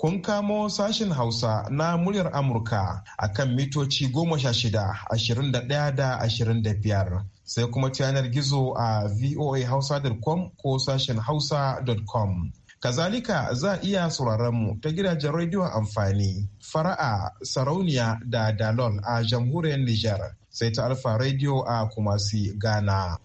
kun kamo sashen Hausa na muryar Amurka a kan mitoci goma sha shida, ashirin da ɗaya da ashirin da biyar. Sai kuma ta yanar gizo a voahausa.com ko sashin hausa.com. Kazalika za a iya sauraron mu ta gidajen rediyon amfani, fara'a, sarauniya da dalon a jamhuriyar Nijar, sai ta alfa rediyo a Kumasi, Ghana.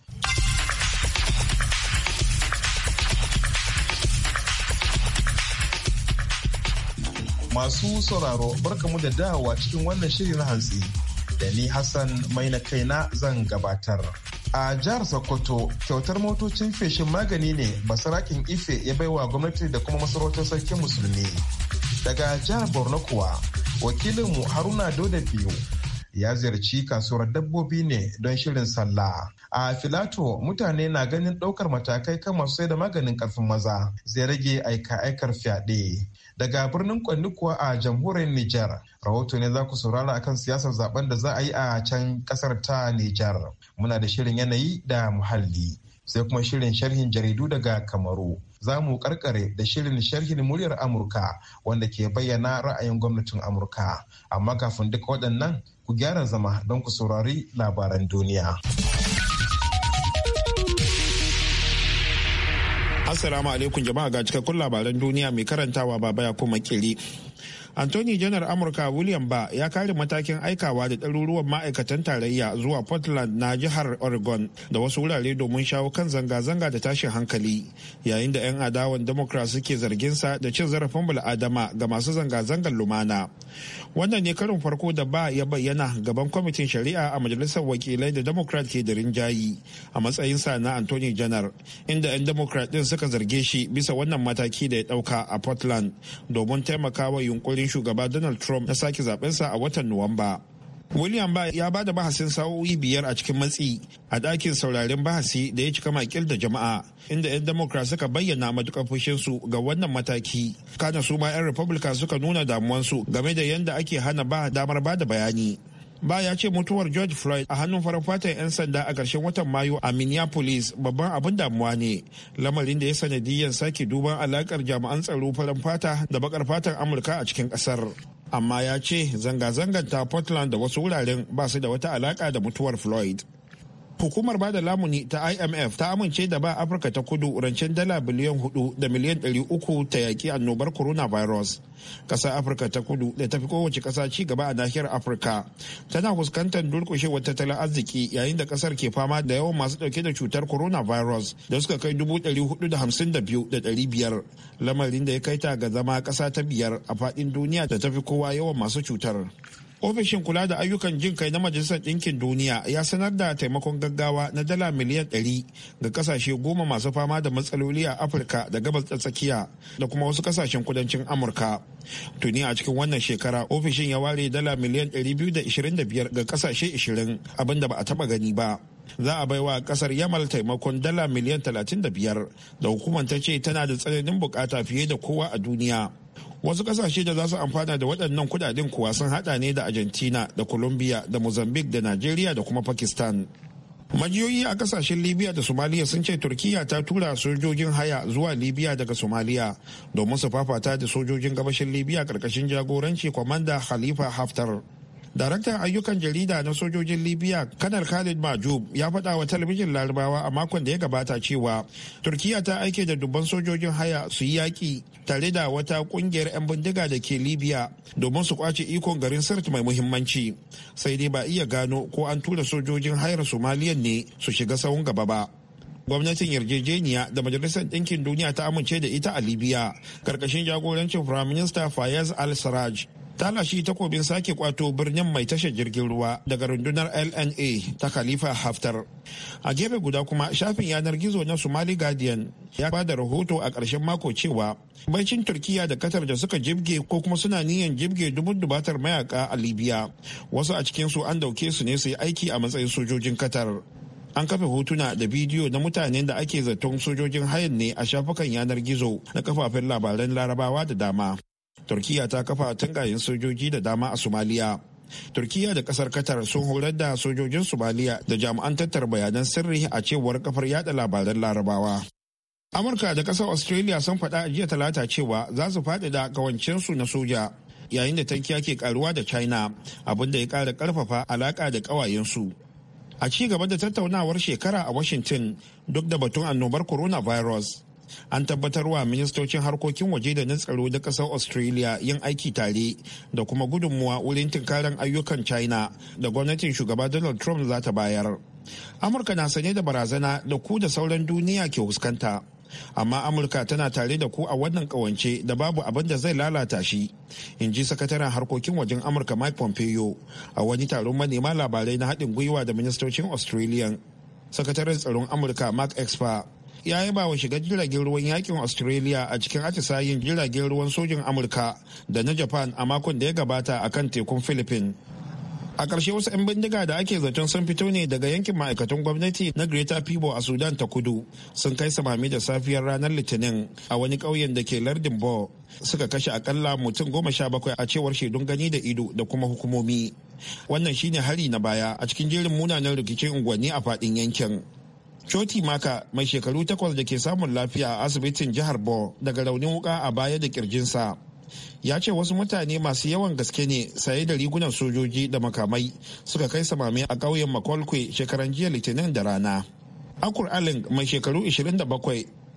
Masu sauraro barka mu da dawowa cikin wannan shirin hantsi da ni Hassan mai na kaina zan gabatar. A jihar Sokoto kyautar motocin feshin magani ne basarakin ife ya bai wa gwamnati da kuma masarautar sarkin musulmi. Daga jihar Borno kuwa wakilinmu Haruna Doda biyu ya ziyarci kasuwar dabbobi ne don shirin sallah. A filato mutane na ganin ɗaukar matakai kan masu sai da maganin ƙarfin maza zai rage aika aikar fyaɗe. daga birnin Kwanni kuwa a jamhuriyar Nijar. Rahoto ne za ku saurara akan siyasar zaben da za a yi a can kasar ta Nijar. Muna da shirin yanayi da muhalli. Sai kuma shirin sharhin jaridu daga Kamaru. Za mu karkare da shirin sharhin muryar Amurka wanda ke bayyana ra'ayin gwamnatin Amurka. Amma kafin duka waɗannan ku gyara zama don ku saurari labaran duniya. Assalamu alaikum jama'a ga cikakkun labaran duniya mai karantawa baba ya kuma kili. Anthony janar Amurka William ba ya kare matakin aikawa da ɗaruruwan ma'aikatan tarayya zuwa Portland na jihar Oregon da wasu wurare domin shawo kan zanga-zanga da tashin hankali yayin da 'yan adawan Democrat suke zarginsa da cin zarafin bala'adama ga masu zanga-zangar lumana. Wannan ne karin farko da ba ya bayyana gaban kwamitin shari'a a majalisar wakilai da Democrat ke da rinjayi a matsayinsa na Anthony janar inda 'yan Democrat din suka zarge shi bisa wannan mataki da ya ɗauka a Portland domin taimakawa yunkurin zaɓin shugaba donald trump na sake sa a watan nuwamba william ba ya ba da bahasin sa'o'i biyar a cikin matsi a ɗakin sauraren bahasi da ya cika makil da jama'a inda 'yan democrat suka bayyana matukar fushinsu ga wannan mataki kana su ma 'yan republican suka nuna damuwansu game da yadda ake hana ba damar ba da bayani ba ya ce mutuwar george floyd a hannun farin fatan 'yan sanda a ƙarshen watan mayu a minneapolis babban abin damuwa ne lamarin da ya sanadiyyar sake duban alaƙar jami'an tsaro farin fata da bakar fatan amurka a cikin ƙasar amma ya ce zanga-zangar ta portland da wasu wuraren ba su da wata alaƙa da mutuwar floyd hukumar bada lamuni ta imf ta amince da ba afirka ta kudu rancen dala biliyan hudu da miliyan ɗari uku ta yaƙi annobar coronavirus ƙasa afirka ta kudu da tafi kowace ƙasa ci gaba a nahiyar afirka tana fuskantar wata tattalin arziki yayin da ƙasar ke fama da yawan masu ɗauke da cutar coronavirus da suka kai dubu ɗari hudu da hamsin da biyu da ɗari biyar lamarin da ya kai ta ga zama ƙasa ta biyar a faɗin duniya da tafi kowa yawan masu cutar. ofishin kula da ayyukan jin kai na majalisar ɗinkin duniya ya sanar da taimakon gaggawa na dala miliyan 100 ga kasashe goma masu fama da matsaloli a afirka da gabas ta tsakiya da kuma wasu kasashen kudancin amurka tuni a cikin wannan shekara ofishin ya ware dala miliyan 225 ga kasashe 20 abinda ba a taba gani ba za a baiwa kasar yamal taimakon dala miliyan 35 da hukumar ta ce tana da tsananin bukata fiye da kowa a duniya wasu kasashe da za su amfana da waɗannan kudaden kuwa sun hada ne da argentina da colombia da mozambique da nigeria da kuma pakistan majiyoyi a kasashen libya da somaliya sun ce turkiya ta tura sojojin haya zuwa libya daga somaliya domin su fafata da sojojin gabashin libya karkashin jagoranci kwamanda khalifa haftar Daraktan ayyukan jarida na sojojin Libya, Kanar Khalid Majub, ya faɗa wa talabijin Larabawa a makon da ya gabata cewa Turkiyya ta aike da dubban sojojin haya su yi yaƙi tare da wata ƙungiyar 'yan bindiga da ke Libya domin su kwace ikon garin Sirt mai muhimmanci. Sai dai ba iya gano ko an tura sojojin hayar Somaliyan ne su shiga sahun gaba ba. gwamnatin yarjejeniya da majalisar ɗinkin duniya ta amince da ita a libya ƙarƙashin jagorancin firaminista fayez al-sarraj tana shi takobin sake kwato birnin mai tashar jirgin ruwa daga rundunar lna ta khalifa haftar a gefe guda kuma shafin yanar gizo na somali guardian ya bada rahoto a ƙarshen mako cewa baicin turkiya da qatar da suka jibge ko kuma suna niyan jibge dubun dubatar mayaka a libya wasu a cikinsu an dauke su ne su yi aiki a matsayin sojojin qatar an kafa hotuna da bidiyo na mutanen da ake zaton sojojin hayan ne a shafukan yanar gizo na kafafen labaran larabawa da dama turkiya ta kafa tungayen sojoji da dama a somaliya turkiya da kasar qatar sun horar da sojojin somaliya da jami'an tattara bayanan sirri a cewar kafar yada labaran larabawa amurka da kasar australia sun faɗa a jiya talata cewa za su faɗaɗa kawancinsu na soja yayin da tankiya ke karuwa da china abin da ya ƙara ƙarfafa alaƙa da ƙawayensu a ci gaba da tattaunawar shekara a washington duk da batun annobar coronavirus an tabbatarwa ministocin harkokin waje da na tsaro da ƙasar australia yin aiki tare da kuma gudunmuwa wurin tunkarar ayyukan china da gwamnatin shugaba donald trump za ta bayar amurka na sane da barazana da ku da sauran duniya ke fuskanta amma amurka tana tare da ku a wannan kawance da babu abin da zai lalata shi in ji sakataren harkokin wajen amurka mike pompeo a wani taron manema labarai na haɗin gwiwa da ministocin australian sakataren tsaron amurka mark expa ya yaba wa shiga jiragen ruwan yakin australia a cikin atisayin jiragen ruwan sojin amurka da na japan a makon da ya gabata a kan tekun philippines a ƙarshe wasu 'yan bindiga da ake zaton sun fito ne daga yankin ma'aikatan gwamnati na greater pibo a sudan ta kudu sun kai samami da safiyar ranar litinin a wani ƙauyen da ke lardin bo suka kashe akalla mutum goma sha bakwai a cewar shaidun gani da ido da kuma hukumomi wannan shine hari na baya a cikin jerin munanan rikicin unguwanni a faɗin yankin Choti Maka mai shekaru takwas da ke samun lafiya a asibitin jihar Bo daga raunin wuka a baya da kirjinsa. Ya ce wasu mutane masu yawan gaske ne saye da rigunan sojoji da makamai suka kai samame a ƙauyen Makolkwe shekaran jiya Litinin da rana. Akur Aling mai shekaru 27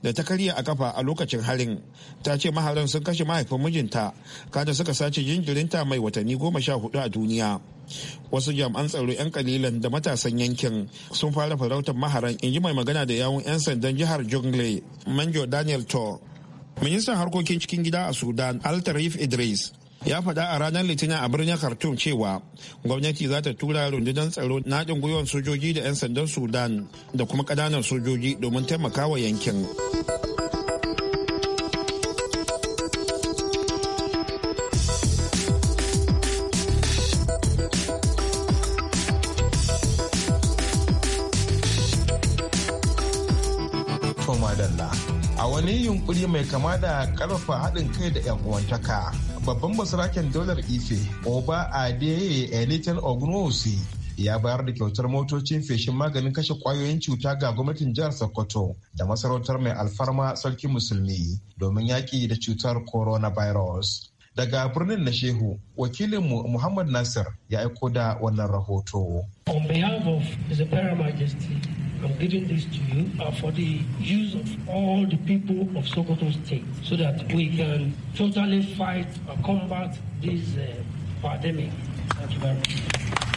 da ta karya a kafa a lokacin harin ta ce maharan sun kashe mahaifin mijinta kada suka sace jinjirinta mai watanni goma sha hudu a duniya. wasu jami'an tsaro 'yan kalilan da matasan yankin sun fara farautar maharan in ji mai magana da yawun 'yan sandan jihar jungle manjo daniel to ministan harkokin cikin gida a sudan altarif idris ya faɗa a ranar litinin a birnin khartoum cewa gwamnati za ta tura rundunar tsaro na haɗin gwiwar sojoji da 'yan sandan sudan da kuma ƙananan sojoji domin taimakawa yankin. yunkuri mai kama da karfa haɗin kai da 'yan uwantaka babban masarakin dolar ife oba adeye elitan ognosi ya bayar da kyautar motocin feshin maganin kashe kwayoyin cuta ga gwamnatin jihar sokoto da masarautar mai alfarma sarki musulmi domin yaƙi da cutar coronavirus daga birnin na shehu wakilinmu muhammad nasir ya aiko da wannan rahoto on behalf of I'm giving this to you for the use of all the people of Sokoto State so that we can totally fight or combat this uh, pandemic. Thank you very much.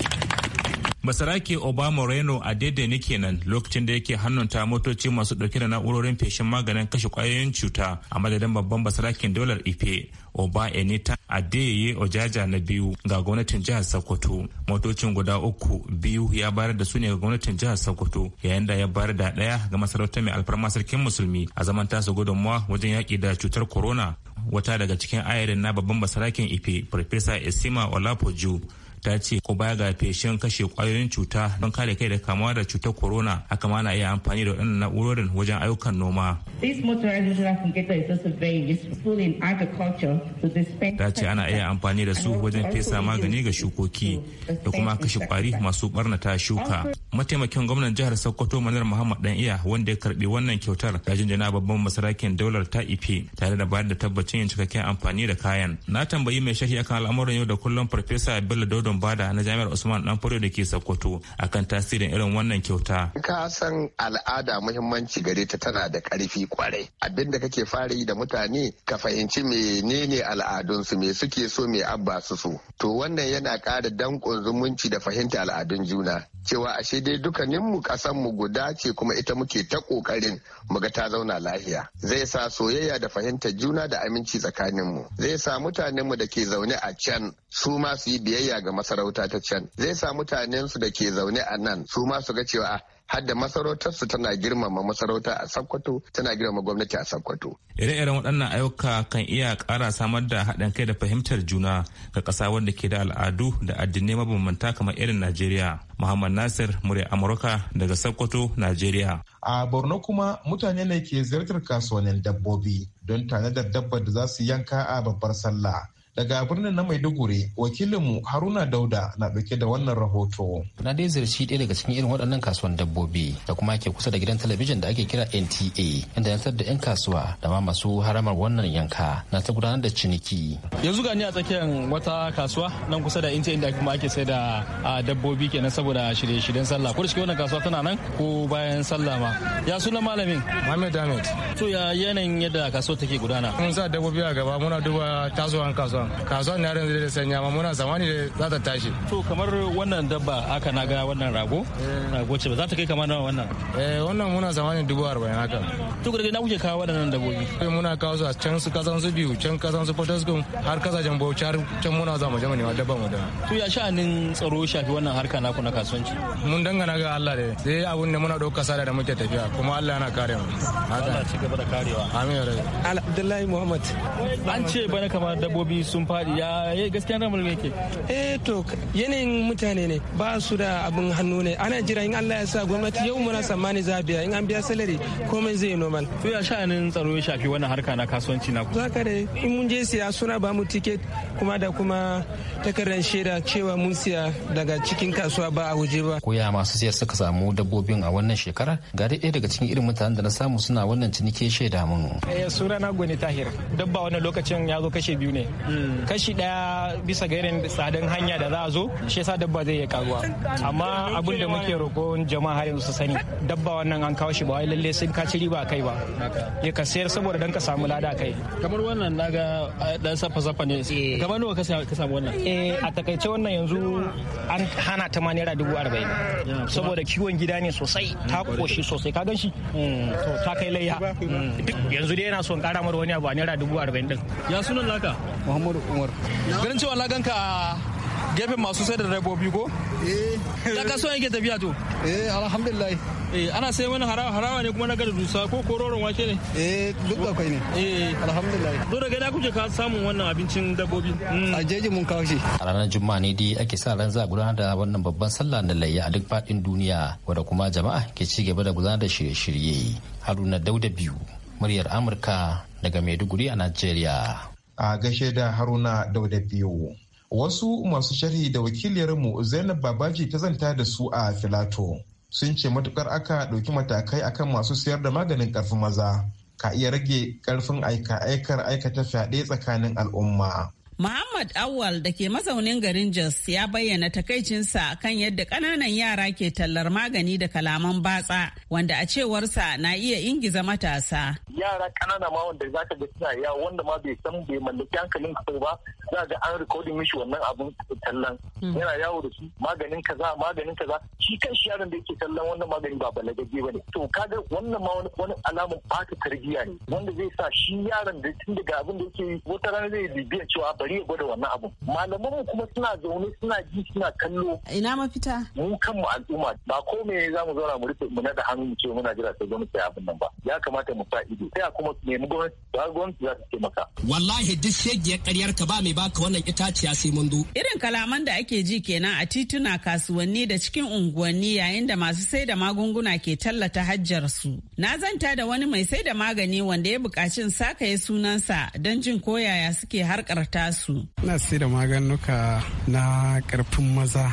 Masarake obama reno a daidai ne kenan lokacin da yake hannunta motoci masu dauke da na'urorin feshin maganin kashe kwayoyin cuta a madadin babban basarakin dolar Ife Oba Enita daidai Ojaja na biyu ga gwamnatin jihar Sokoto. Motocin guda uku biyu ya bayar da su ne ga gwamnatin jihar Sokoto yayin da ya bayar da daya ga masarautar mai alfarma sarkin musulmi a zaman tasa gudunmawa wajen yaki da cutar corona wata daga cikin ayarin na babban basarakin Ife Farfesa Esima Olapoju ta ce ko baya ga feshin kashe kwayoyin cuta don kare kai da kamuwa da cutar corona haka ma na iya amfani da waɗannan na'urorin wajen ayyukan noma. Ta ce ana iya amfani da su wajen fesa magani ga shukoki da kuma kashe kwari masu barnata shuka. Mataimakin gwamnan jihar Sokoto Manar Muhammad Dan iya wanda ya karbi wannan kyautar ya jinjina babban masarakin daular ta ife tare da bayar da tabbacin yin cikakken amfani da kayan. Na tambayi mai shahi akan al'amuran yau da kullum Farfesa Bello Dodo gudun bada na jami'ar usman dan da ke sokoto kan tasirin irin wannan kyauta ka san al'ada muhimmanci gare ta tana da karfi kwarai abinda kake fara yi da mutane ka fahimci menene al'adunsu me suke so me abba su so to wannan yana ƙara danƙon zumunci da fahimta al'adun juna cewa ashe dai dukkaninmu mu guda ce kuma ita muke ta mu ga ta zauna lahiya zai sa soyayya da fahimtar juna da aminci tsakaninmu zai sa mutanenmu da ke zaune a can su ma su yi biyayya ga masarauta ta can zai sa mutanen su da ke zaune a nan su ma su ga cewa ah, har da masarautarsu tana girmama masarauta a Sokoto tana girmama gwamnati a Sokoto. Ire-iren waɗannan ayyuka kan iya ƙara samar da haɗin kai da fahimtar juna ga ƙasa wanda ke da al'adu da addinai mabambanta kamar irin Najeriya. Muhammad Nasir murya Amurka daga Sokoto, Najeriya. A Borno kuma mutane ne ke ziyartar kasuwannin dabbobi don da dabbar da za su yanka a babbar sallah. daga birnin na maiduguri wakilinmu haruna dauda na dauke da wannan rahoto na dai ziyarci ɗaya daga cikin irin waɗannan kasuwan dabbobi da kuma ke kusa da gidan talabijin da ake kira nta inda ya da 'yan kasuwa da ma masu haramar wannan yanka na ta gudanar da ciniki yanzu gani a tsakiyar wata kasuwa nan kusa da nta inda kuma ake sai da dabbobi kenan saboda shirye-shiryen sallah ko da wannan kasuwa tana nan ko bayan sallah ma ya suna malamin Muhammad Ahmed to ya yanayin yadda kasuwa take gudana mun sa dabbobi a gaba muna duba tasowar kasuwa kasuwan kasuwan na yanzu da sanya amma muna zamani da za ta tashi to kamar wannan dabba aka na ga wannan rago eh. rago ce ba za ta kai kamar nawa wannan eh wannan muna zamani dubu arba'in haka to ga na kuke kawo waɗannan dabbobi eh, muna kawo su a can su kasan su biyu can kasan su potoskum har kasajen bauchi har can muna za mu je mu dabba mu da to ya sha'anin tsaro shafi wannan harka ku na kasuwanci mun dangana ga Allah da sai abun ne muna dauka sada da muke tafiya kuma Allah yana kare mu Allah ci gaba da karewa amin ya Abdullahi Muhammad an ce bana kamar dabbobi sun faɗi ya gaskiya mulmi ke. eh to yanayin mutane ne ba su da abin hannu ne ana jira in Allah ya sa gwamnati yau muna tsammani za biya in an biya salari komai zai normal to ya sha sha'anin tsaro ya shafi wannan harka na kasuwanci na ku zaka da in mun je siya suna ba mu ticket kuma da kuma takardar shaida cewa mun siya daga cikin kasuwa ba a waje ba koya masu siya suka samu dabbobin a wannan shekara ga daya daga cikin irin mutanen da na samu suna wannan ciniki shaida mun eh sura na gwani tahir dabba wannan lokacin ya zo kashe biyu ne hmm. kashi daya bisa ga irin tsadan hanya da za a zo shi yasa dabba zai iya karuwa amma abin da muke roko jama'a har yanzu su sani dabba wannan an kawo shi ba wai lalle sun kaci ci riba kai ba ya ka sayar saboda dan ka samu lada kai kamar wannan naga dan safa safa ne eh. kamar nawa ka samu wannan eh a takaice wannan yanzu an hana ta ma naira dubu arba'in saboda kiwon gida ne sosai ta koshi hmm. sosai ka gan shi hmm. ta kai layya hmm. yanzu dai yana son kara mara wani abu a naira dubu arba'in din ya sunan laka muhammad kamar hukumar ganin cewa na ganka gefen masu sai da rabobi ko? Eh. Ya yake tafiya to? Eh, alhamdulillah. Eh, ana sai wani harawa harawa ne kuma na gada dusa ko kororon wake ne? Eh, duk da kai ne. Eh, alhamdulillah. Do daga da kuke ka samu wannan abincin dabbobi? Hmm. A jeji mun kawo shi. A ranar Juma'a ne dai ake sa ran za gudanar da wannan babban sallah na layya a duk faɗin duniya wanda kuma jama'a ke ci gaba da gudanar da shirye-shirye. Haruna Dauda biyu, muryar Amurka daga Maiduguri a Najeriya. a gaishe da haruna dauda biyu wasu masu sharhi da wakiliyarmu zainab babaji ta zanta da su a filato sun ce matukar aka ɗauki matakai akan masu siyar da maganin karfin maza ka iya rage karfin aika aikar aikata fyaɗe tsakanin al'umma Muhammad Awal da ke mazaunin garin Jos ya bayyana takaicinsa kan yadda ƙananan yara ke tallar magani da kalaman batsa wanda a cewarsa na iya ingiza matasa. Yara ƙanana ma wanda za ka ga suna ya wanda ma bai san bai mallaki hankalin ka ba za ga an rikodin mishi wannan abun tallan. Hmm. Yana yawo da su maganin kaza maganin kaza shi kan shi yaron da yake tallan wannan magani ba balagagge ba ne. To kaga wannan ma wani alamun ɓata tarbiyya ne wanda zai sa shi yaron da tun daga abin da yake wata rana zai bibiya cewa bari bari ya gwada wannan abu malaman mu kuma suna zaune suna ji suna kallo ina mafita mu kanmu al'umma ba ko me za mu zauna mu rufe mu nada hannu mu ce muna jira sai gwamnati ya abin nan ba ya kamata mu sa ido sai kuma nemi gwamnati ba gwamnati za ta taimaka wallahi duk shegiyar ƙaryar ka ba mai baka wannan itaciya sai mun irin kalaman da ake ji kenan a tituna kasuwanni da cikin unguwanni yayin da masu sai da magunguna ke tallata hajjar su na zanta da wani mai sai da magani wanda ya buƙaci sakaye sunansa don jin koyaya suke harkar tasu su. Ina sai da maganuka na karfin maza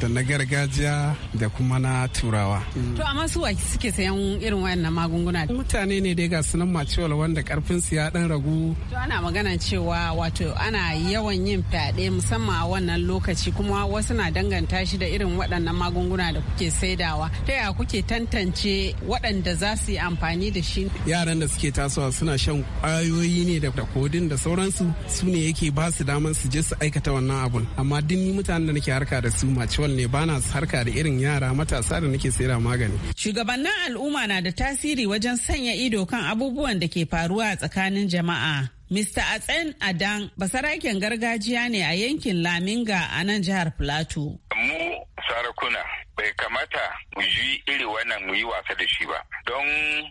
da na gargajiya da kuma na turawa. To amma su suke sayan irin wayannan magunguna? Mutane ne dai ga sunan maciwal wanda karfin su ya dan ragu. To ana magana cewa wato ana yawan yin fyaɗe musamman a wannan lokaci kuma wasu na danganta shi da irin waɗannan magunguna da kuke saidawa. Ta yaya kuke tantance waɗanda za su yi amfani da shi? Yaran da suke tasowa suna shan ƙwayoyi ne da kodin da sauransu su ne yake ba ba su daman su je su aikata wannan abun amma duk ni mutanen da nake harka da su maciwal ne bana su harka da irin yara matasa da nake sayar magani shugabannin al'umma na da tasiri wajen sanya ido kan abubuwan da ke faruwa a tsakanin jama'a Mr. Atsen Adan basaraken gargajiya ne a yankin Laminga a nan jihar Plateau. Mu sarakuna bai kamata mu yi iri wannan mu yi wasa da shi ba don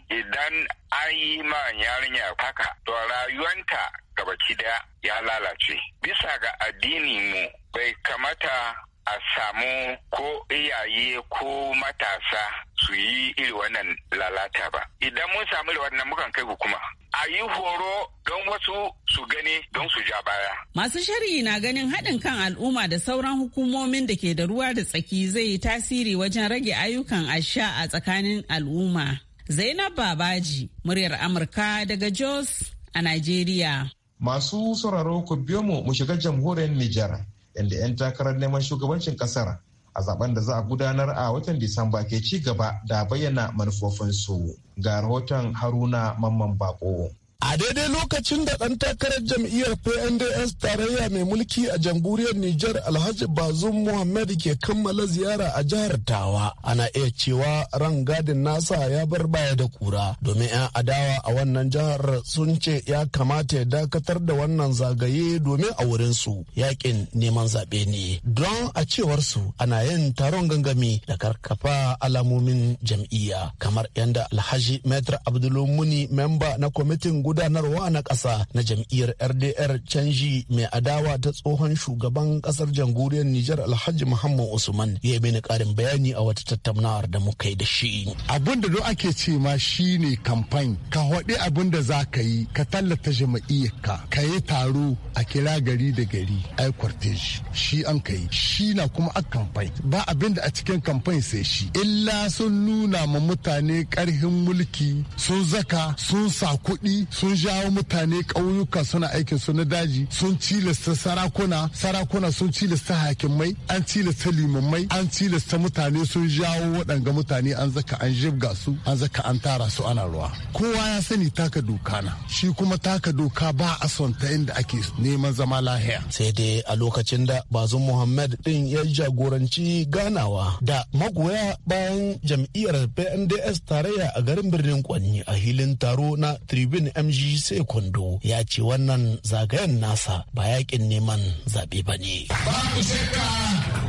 idan an yi ma yarinya haka to rayuwanta gabaki daya ya lalace bisa ga addini mu bai kamata a samu ko iyaye ko matasa su yi iri wannan lalata ba idan mun samu da wannan mukan kai hukuma a yi horo don wasu su gani don su ja baya. Masu shari'i na ganin haɗin kan al'umma da sauran hukumomin da ke da ruwa da tsaki zai yi tasiri wajen rage ayyukan asha a tsakanin al'umma. Zainab Babaji, muryar Amurka daga Jos a Najeriya. Masu sauraro ku biyo mu mu shiga jamhuriyar Nijar. inda 'yan takarar neman shugabancin kasar a zaben da za a gudanar a watan disamba ke ci gaba da bayyana manufofinsu ga rahoton haruna mamman bako A daidai lokacin da ɗan takarar jam'iyyar PNDS tarayya mai mulki a jamhuriyar Nijar Alhaji Bazum Muhammad ke kammala ziyara a jihar Tawa, ana iya cewa ran gadin nasa ya bar baya da kura domin 'yan adawa a wannan jihar sun ce ya kamata ya dakatar da wannan zagaye domin a wurin su. yakin neman zaɓe ne. Don a cewar su ana yin taron gangami da karkafa alamomin jam'iyya kamar yadda Alhaji Metra Abdulmuni memba na kwamitin gudanarwa na ƙasa na jam'iyyar rdr canji mai adawa ta tsohon shugaban ƙasar jamhuriyar nijar alhaji muhammad usman ya yi ƙarin bayani a wata tattaunawar da muka yi da shi abin da duk ake ce ma ne kamfani ka haɗe abin da za ka yi ka tallata jama'iyyarka ka yi taro a kira gari da gari yi kwarteji shi an ka yi shi na kuma a kamfani ba abin da a cikin kamfani sai shi illa sun nuna ma mutane ƙarhin mulki sun zaka sun sa kuɗi sun jawo mutane ƙauyuka suna aikin su na daji sun cilasta sarakuna sarakuna sun cilasta hakimai an cilasta limamai an cilasta mutane sun jawo waɗanga mutane an zaka an jibga su an zaka an tara su ana ruwa kowa ya sani taka doka na shi kuma taka doka ba a son ta inda ake neman zama lahiya sai dai a lokacin da bazum muhammad din ya jagoranci ganawa da magoya bayan jam'iyyar pnds tarayya a garin birnin kwanni a hilin taro na tribune m Tunji Kwando ya ce wannan zagayen nasa ba yakin neman zaɓe ba ne. Babu shakka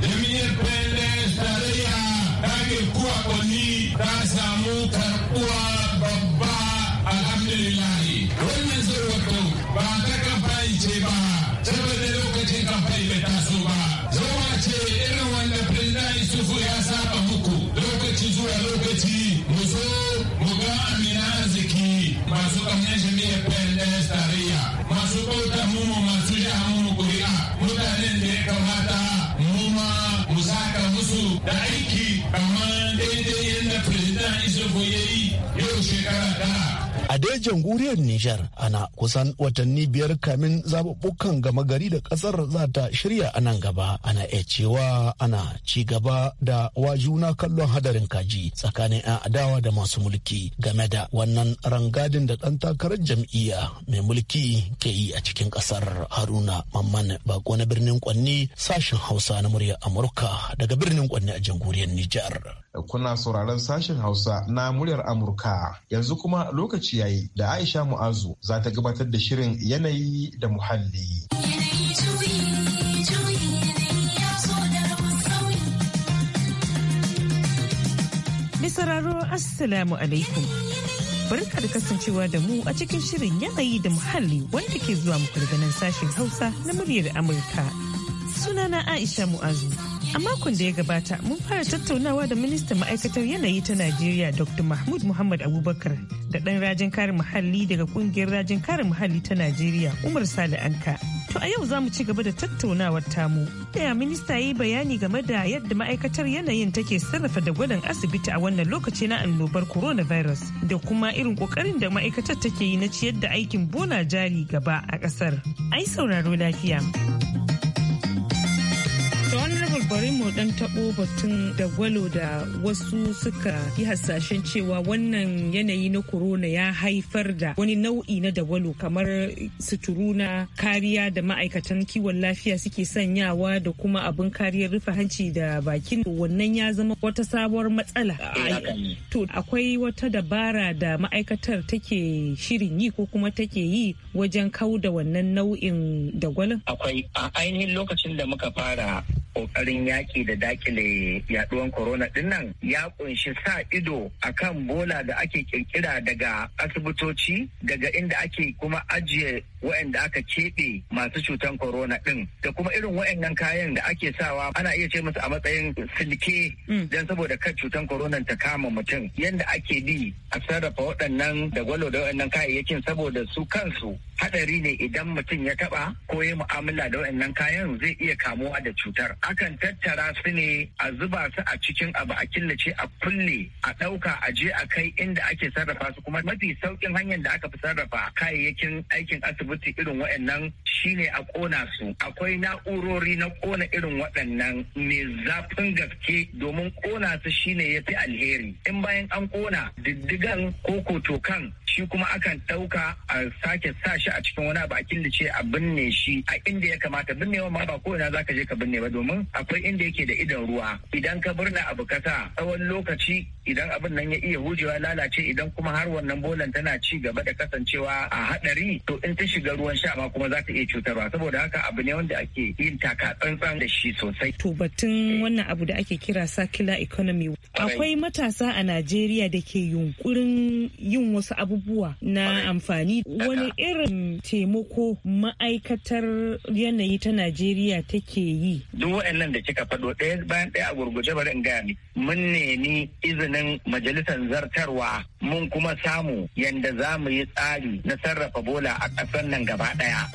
jam'iyyar PNDS tarayya ta ke kuwa kwani ta samu karɓuwa babba alhamdulillah. a dai jamhuriyar nijar ana kusan watanni biyar kamin zaɓuɓɓukan gama gari da ƙasar za ta shirya a nan gaba ana iya cewa ana ci gaba da wajuna kallon hadarin kaji tsakanin 'yan adawa da masu mulki game da wannan rangadin da ɗan takarar jam'iyya mai mulki ke yi a cikin ƙasar haruna mamman bako na birnin kwanni sashen hausa na muryar amurka daga birnin kwanni a jamhuriyar nijar kuna sauraron sashen hausa na muryar amurka yanzu kuma lokaci kiyaye da Aisha Mu'azu za ta gabatar da shirin yanayi da muhalli. Misararo Assalamu alaikum. Barka da kasancewa da mu a cikin shirin yanayi da muhalli wanda ke zuwa muku daga nan sashen Hausa na muryar Amurka. Sunana Aisha Mu'azu. A makon da ya gabata mun fara tattaunawa da ministan ma'aikatar yanayi ta Najeriya Dr. Mahmud Muhammad Abubakar da ɗan rajin kare muhalli daga kungiyar rajin kare muhalli ta Najeriya Umar Sale Anka. To a yau za mu ci gaba da tattaunawar tamu. Daya minista yi bayani game da yadda ma'aikatar yanayin take sarrafa da gwadon asibiti a wannan lokaci na annobar coronavirus da kuma irin kokarin da ma'aikatar take yi na ciyar da aikin bona jari gaba a ƙasar. Ai sauraro lafiya. bari mu dan tabo batun dagwalo da wasu suka yi hasashen cewa wannan yanayi na corona ya haifar da wani nau'i na dagwalo kamar suturu na kariya da ma'aikatan kiwon lafiya suke sanyawa da kuma abin kariyar rufe hanci da bakin wannan ya zama wata sabuwar matsala eh, to akwai wata dabara da ma'aikatar take shirin yi ko kuma take yi wajen kau da wannan nau'in dagwalon akwai a ainihin lokacin da muka fara kokarin wannan yaki da dakile yaduwan corona nan ya ƙunshi sa ido a kan bola da ake kirkira daga asibitoci daga inda ake kuma ajiye waɗanda aka keɓe masu cutan corona ɗin, da kuma irin nan kayan da ake sawa ana iya ce musu a matsayin silke mm. don saboda kan cutan corona ta kama mutum yadda ake bi a sarrafa waɗannan da gwalo da waɗannan kayayyakin saboda su kansu hadari ne idan mutum ya taba ko ya mu'amala da waɗannan kayan zai iya kamuwa da cutar akan tattara su ne a zuba su a cikin abu a killace a kulle a ɗauka a je a kai inda ake sarrafa su kuma mafi saukin hanyar da aka fi sarrafa kayayyakin aikin asibiti irin waɗannan shine a ƙona su akwai na'urori na kona irin waɗannan mai zafin gaske domin ƙona su shine ya fi alheri in bayan an ƙona diddigan ko kotokan shi kuma akan ɗauka a sake sa shi a cikin wani abu a ce a binne shi a inda ya kamata binne ma ba ko ina zaka je ka binne ba domin akwai inda yake da idan ruwa idan ka birna abu kasa tsawon lokaci idan abin nan ya iya wujewa lalace idan kuma har wannan bolan tana ci gaba da kasancewa a hadari to in ta shiga ruwan sha ma kuma za iya cutarwa saboda haka abu ne wanda ake yin taka tsantsan da shi sosai. To batun wannan abu da ake kira circular economy akwai matasa a Najeriya da ke yunkurin yin wasu abubuwa na amfani wani irin taimako ma'aikatar yanayi ta Najeriya take yi? Duk waɗannan da kika faɗo ɗaya bayan ɗaya a gurguje bari in gaya mun nemi izinin majalisar zartarwa mun kuma samu yanda za mu yi tsari na sarrafa bola a ƙasar nan gaba ɗaya.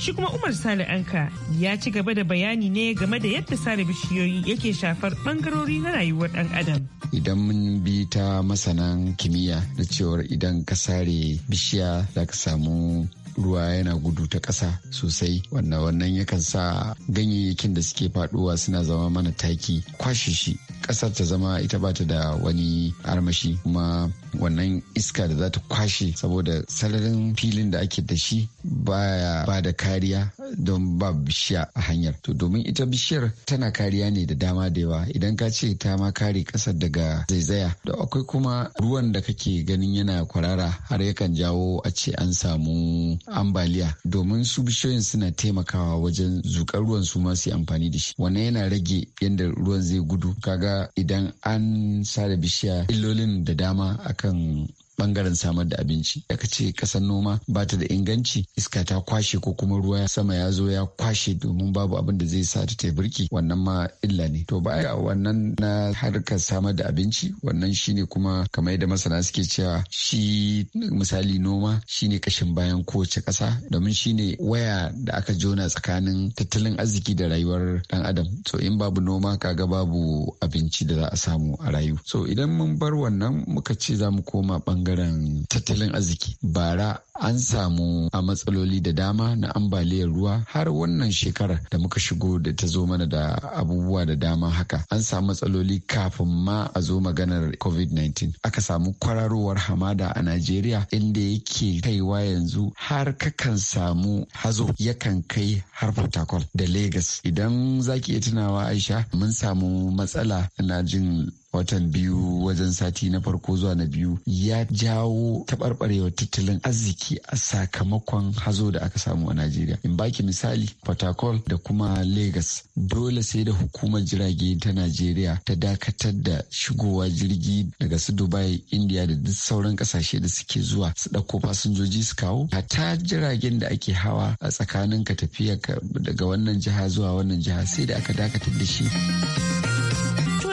Shi kuma Umar Sale Anka ya ci gaba da bayani ne game da yadda sare bishiyoyi yake shafar bangarori na rayuwar ɗan adam. Idan mun bi ta masanan kimiyya na cewar idan ka sare bishiya za ka samu ruwa yana gudu ta ƙasa sosai wanda wannan yakan sa ganyayyakin da suke faɗowa suna zama mana taki kwashe shi ƙasar ta zama ita bata da wani armashi kuma wannan iska da za ta kwashe saboda sararin filin da ake da shi baya ba da kariya don ba bishiya a hanyar to domin ita bishiyar tana kariya ne da dama da yawa idan ka ce ta ma kare kasar daga zaizaya da akwai kuma ruwan da kake ganin yana kwarara har yakan jawo a ce an samu ambaliya domin su bishiyoyin suna taimakawa wajen zukar ruwan su ma su amfani da shi wannan yana rage yadda ruwan zai gudu kaga idan an sare bishiya illolin da dama a 更。bangaren samar da abinci aka ce kasar noma ba ta da inganci iska ta kwashe ko kuma ruwa sama ya zo ya kwashe domin babu abin da zai sa ta birki wannan ma illa ne to ba wannan na harkar samar da abinci wannan shine kuma kamar yadda masana suke cewa shi misali noma shine kashin bayan kowace kasa domin shine waya da aka jona tsakanin tattalin arziki da rayuwar dan adam so in babu noma kaga babu abinci da za a samu a rayu so idan mun bar wannan muka ce za mu koma bangaren bangaren tattalin arziki bara an samu a matsaloli da dama na ambaliyar ruwa har wannan shekara da muka shigo da ta zo mana da abubuwa da dama haka an samu matsaloli kafin ma a zo maganar covid-19 aka samu kwararowar hamada a najeriya inda yake kaiwa yanzu har kakan samu hazo yakan kai har fatakwal da lagos idan zaki iya tunawa aisha mun samu matsala na jin watan biyu wajen sati na farko zuwa na biyu ya jawo taɓarɓarewar tattalin arziki a sakamakon hazo da aka samu a najeriya in baki misali harcourt da kuma lagos dole sai da hukumar jirage ta najeriya ta dakatar da shigowa jirgi daga su dubai india da duk sauran kasashe da suke zuwa su ɗauko fasinjoji su kawo Hata jiragen da ake hawa a tsakanin ka tafiya daga wannan jiha zuwa wannan jiha sai da aka dakatar da shi.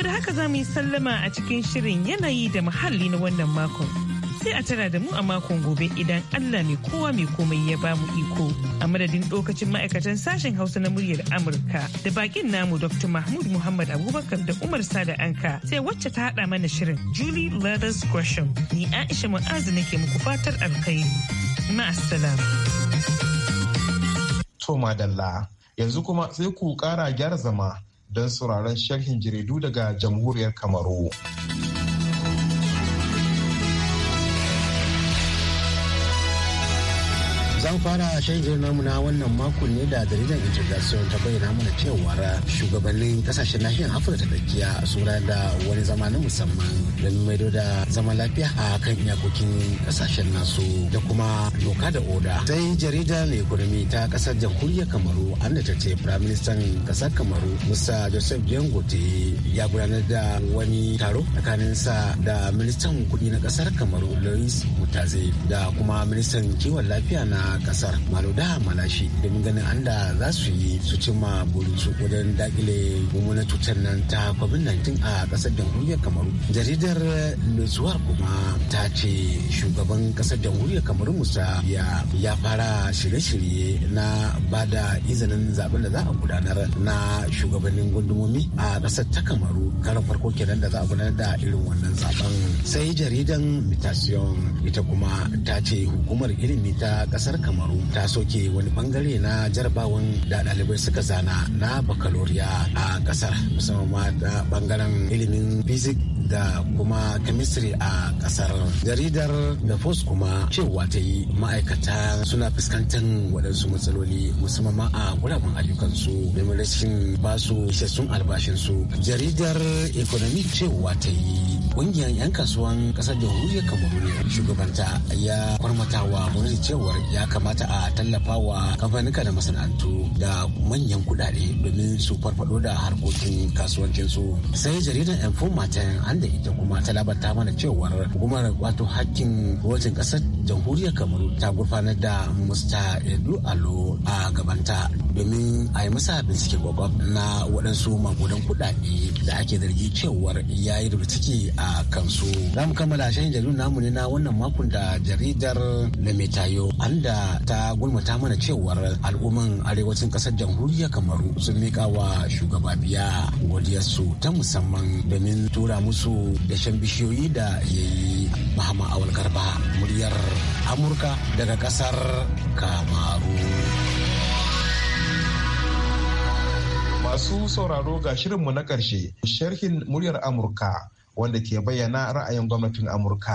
da haka za mu yi sallama a cikin shirin yanayi da muhalli na wannan makon. Sai a tara da mu a makon gobe idan Allah mai kowa mai komai ya ba mu iko. A madadin lokacin ma'aikatan sashen Hausa na muryar Amurka da bakin namu Dr. Mahmud Muhammad Abubakar da Umar Sada Anka sai wacce ta haɗa mana shirin Julie Leathers Gresham. Ni Aisha Ma'azu nake muku fatar alkhairi. Ma'asalam. To madalla yanzu kuma sai ku ƙara gyara zama don sauraron sharhin jiridu daga jamhuriyar Kamaru. Zan fara shirin namu na wannan makon ne da jaridar Integration ta bayyana mana cewar shugabannin kasashen nahiyar Afirka ta tsakiya sura da wani zama na musamman don maido da zama lafiya a kan iyakokin kasashen nasu da kuma doka da oda. Sai jaridar ekonomi ta kasar jamhuriyar Kamaru an da ta ce Firaministan kasar Kamaru Musa Joseph Jengote ya gudanar da wani taro tsakanin sa da ministan kuɗi na kasar Kamaru Louis Mutaze da kuma ministan kiwon lafiya na kasar maluda malashi domin ganin an da za su yi su cimma burinsu wajen dakile mummunan cutar nan ta covid-19 a kasar jamhuriyar kamaru jaridar lesuwar kuma ta ce shugaban kasar jamhuriyar kamaru musa ya ya fara shirye-shirye na ba da izinin zaben da za a gudanar na shugabannin gundumomi a kasar ta kamaru karan farko kenan da za a gudanar da irin wannan zaben sai jaridan mutation ita kuma ta ce hukumar ilimi ta kasar kamaru ta soke wani bangare na jarabawan da ɗalibai suka zana na bakaloriya a ƙasar musamman ma da bangaren ilimin fizik da kuma chemistry a ƙasar jaridar da post kuma cewa ta yi ma'aikata suna fuskantar waɗansu matsaloli musamman ma a guraben ayyukansu domin basu isassun albashinsu jaridar economic cewa ta yi kungiyar 'yan kasuwan kasar jamhuriyar kamaru ne shugabanta ya kwarmata wa gwamnati cewar ya kamata a tallafa wa kamfanika da masana'antu da manyan kudade domin su farfado da harkokin kasuwancinsu sai jaridar 'yan informatin an da ita kuma ta labarta mana cewar hukumar wato hakkin gwamnatin kasar jamhuriyar kamaru ta gurfanar da musta edu alo a gabanta domin a yi masa binciki kwakwaf na waɗansu magudan kudade da ake zargi cewar ya yi ciki a a kansu zamu mu kammala shan jaridun namu ne na wannan makon da jaridar tayo. an da ta gulmata mana cewar al'umman arewacin kasar jamhuriyar kamaru sun miƙa wa shugaba biya godiyarsu ta musamman domin tura musu dashen bishiyoyi da ya yi mahama awal garba muryar amurka daga ƙasar kamaru. Masu sauraro ga shirinmu na ƙarshe, sharhin muryar Amurka wanda ke bayyana ra'ayin gwamnatin amurka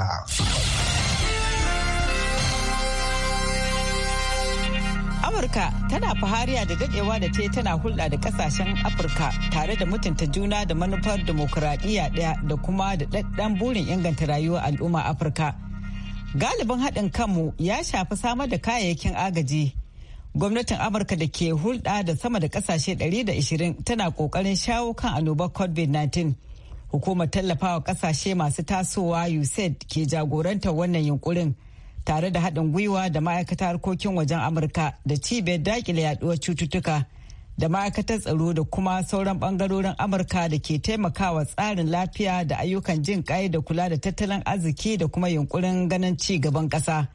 amurka tana fahariya da dadewa da ta tana hulɗa da kasashen afirka tare da mutunta juna da manufar demokuraɗiyya ɗaya da kuma da ɗaɗɗan burin inganta rayuwar al'umma afirka galibin haɗin kanmu ya shafi samar da kayayyakin agaji gwamnatin amurka da ke hulɗa da sama da ƙasashe 120 tana ƙoƙarin shawo kan annobar covid-19 Hukumar tallafawa kasashe masu tasowa USAID ke jagoranta wannan yunkurin tare da haɗin gwiwa da ma'aikatar harkokin wajen Amurka da cibiyar dakile yaduwar cututtuka da ma'aikatar tsaro da kuma sauran bangarorin Amurka da ke taimakawa tsarin lafiya da ayyukan jin kai da kula da tattalin arziki da kuma yunkurin ganin ci gaban ƙasa.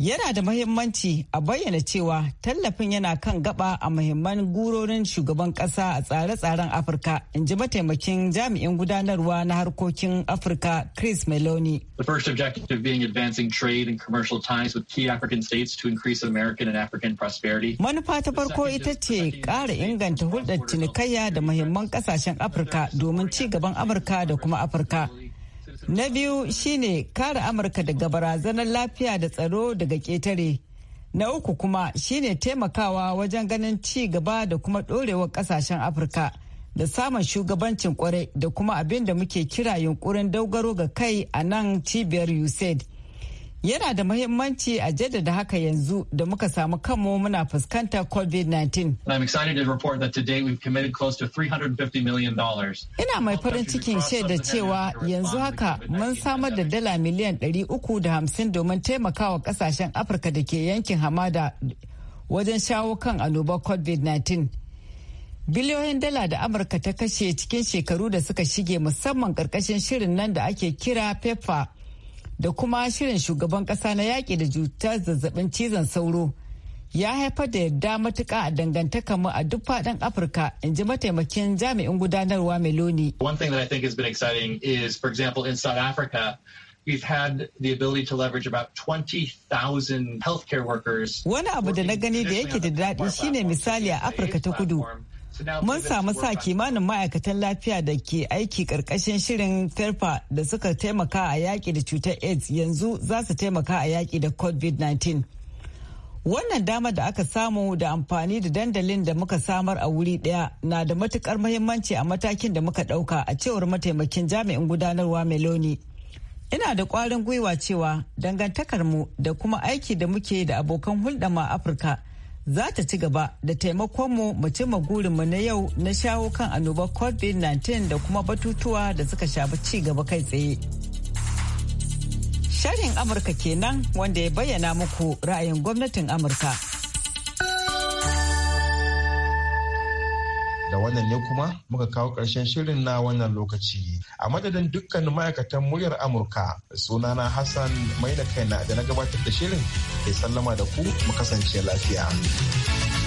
Yana da mahimmanci a bayyana cewa tallafin yana kan gaba a mahimman gurorin shugaban kasa a tsare-tsaren Afirka, in ji mataimakin jami'in gudanarwa na harkokin Afirka Chris Meloni. The first objective being advancing trade and commercial ties with key African states to increase American and African prosperity. Manufa ta farko ita ce kara inganta hulɗar cinikayya da mahimman kasashen Afirka domin ci gaban Amurka da kuma Afirka. Na biyu shine kare Amurka daga barazanar lafiya da tsaro daga ketare. Na uku kuma shine taimakawa wajen ganin ci gaba da kuma ɗorewar ƙasashen Afirka da samun shugabancin kwarai da kuma abin da muke kira yunkurin dogaro ga kai a nan cibiyar USAID. Yana da mahimmanci a jaddada haka yanzu da muka samu kanmu muna fuskantar COVID-19. I'm excited to report that today we've committed close to $350 million. Ina mai farin cikin shaida cewa yanzu haka mun samar da dala miliyan 350 domin taimakawa kasashen Afirka da ke yankin hamada wajen shawo kan annobar COVID-19. Biliyoyin dala da Amurka ta kashe cikin shekaru da suka shige musamman ƙarƙashin shirin nan da ake kira PEPFAR. da kuma shirin shugaban kasa na yaƙi da cutar zazzabin cizon sauro ya haifar da yarda matuka a dangantakar mu a duk faɗin Afirka in ji mataimakin jami'in gudanarwa Meloni. One thing that I think has been exciting is, for example, in South Africa, We've had the ability to leverage about 20,000 healthcare workers. Wani abu da na gani da yake da daɗi shine misali a Afirka ta kudu. Mun samu sa kimanin ma'aikatan lafiya da ke aiki ƙarƙashin shirin FERPA da suka taimaka a yaƙi da cutar AIDS yanzu za su taimaka a yaƙi da COVID-19. Wannan dama da aka samu da amfani da dandalin da muka samar a wuri ɗaya na da matuƙar muhimmanci a matakin da muka ɗauka a cewar mataimakin jami'in gudanarwa Meloni. Ina da ƙwarin gwiwa cewa dangantakarmu da kuma aiki da muke da abokan hulɗa ma Afirka. za ta ci gaba da taimakonmu mu cimma gurinmu na yau na shawo kan annobar covid-19 da kuma batutuwa da suka shafi ci gaba kai tsaye. Sharhin Amurka kenan wanda ya bayyana muku ra'ayin gwamnatin Amurka. wannan ne kuma muka kawo ƙarshen shirin na wannan lokaci. A madadin dukkan ma'aikatan muryar Amurka sunana Hassan mai na Kaina da na gabatar da shirin ke sallama da ku mu kasance lafiya.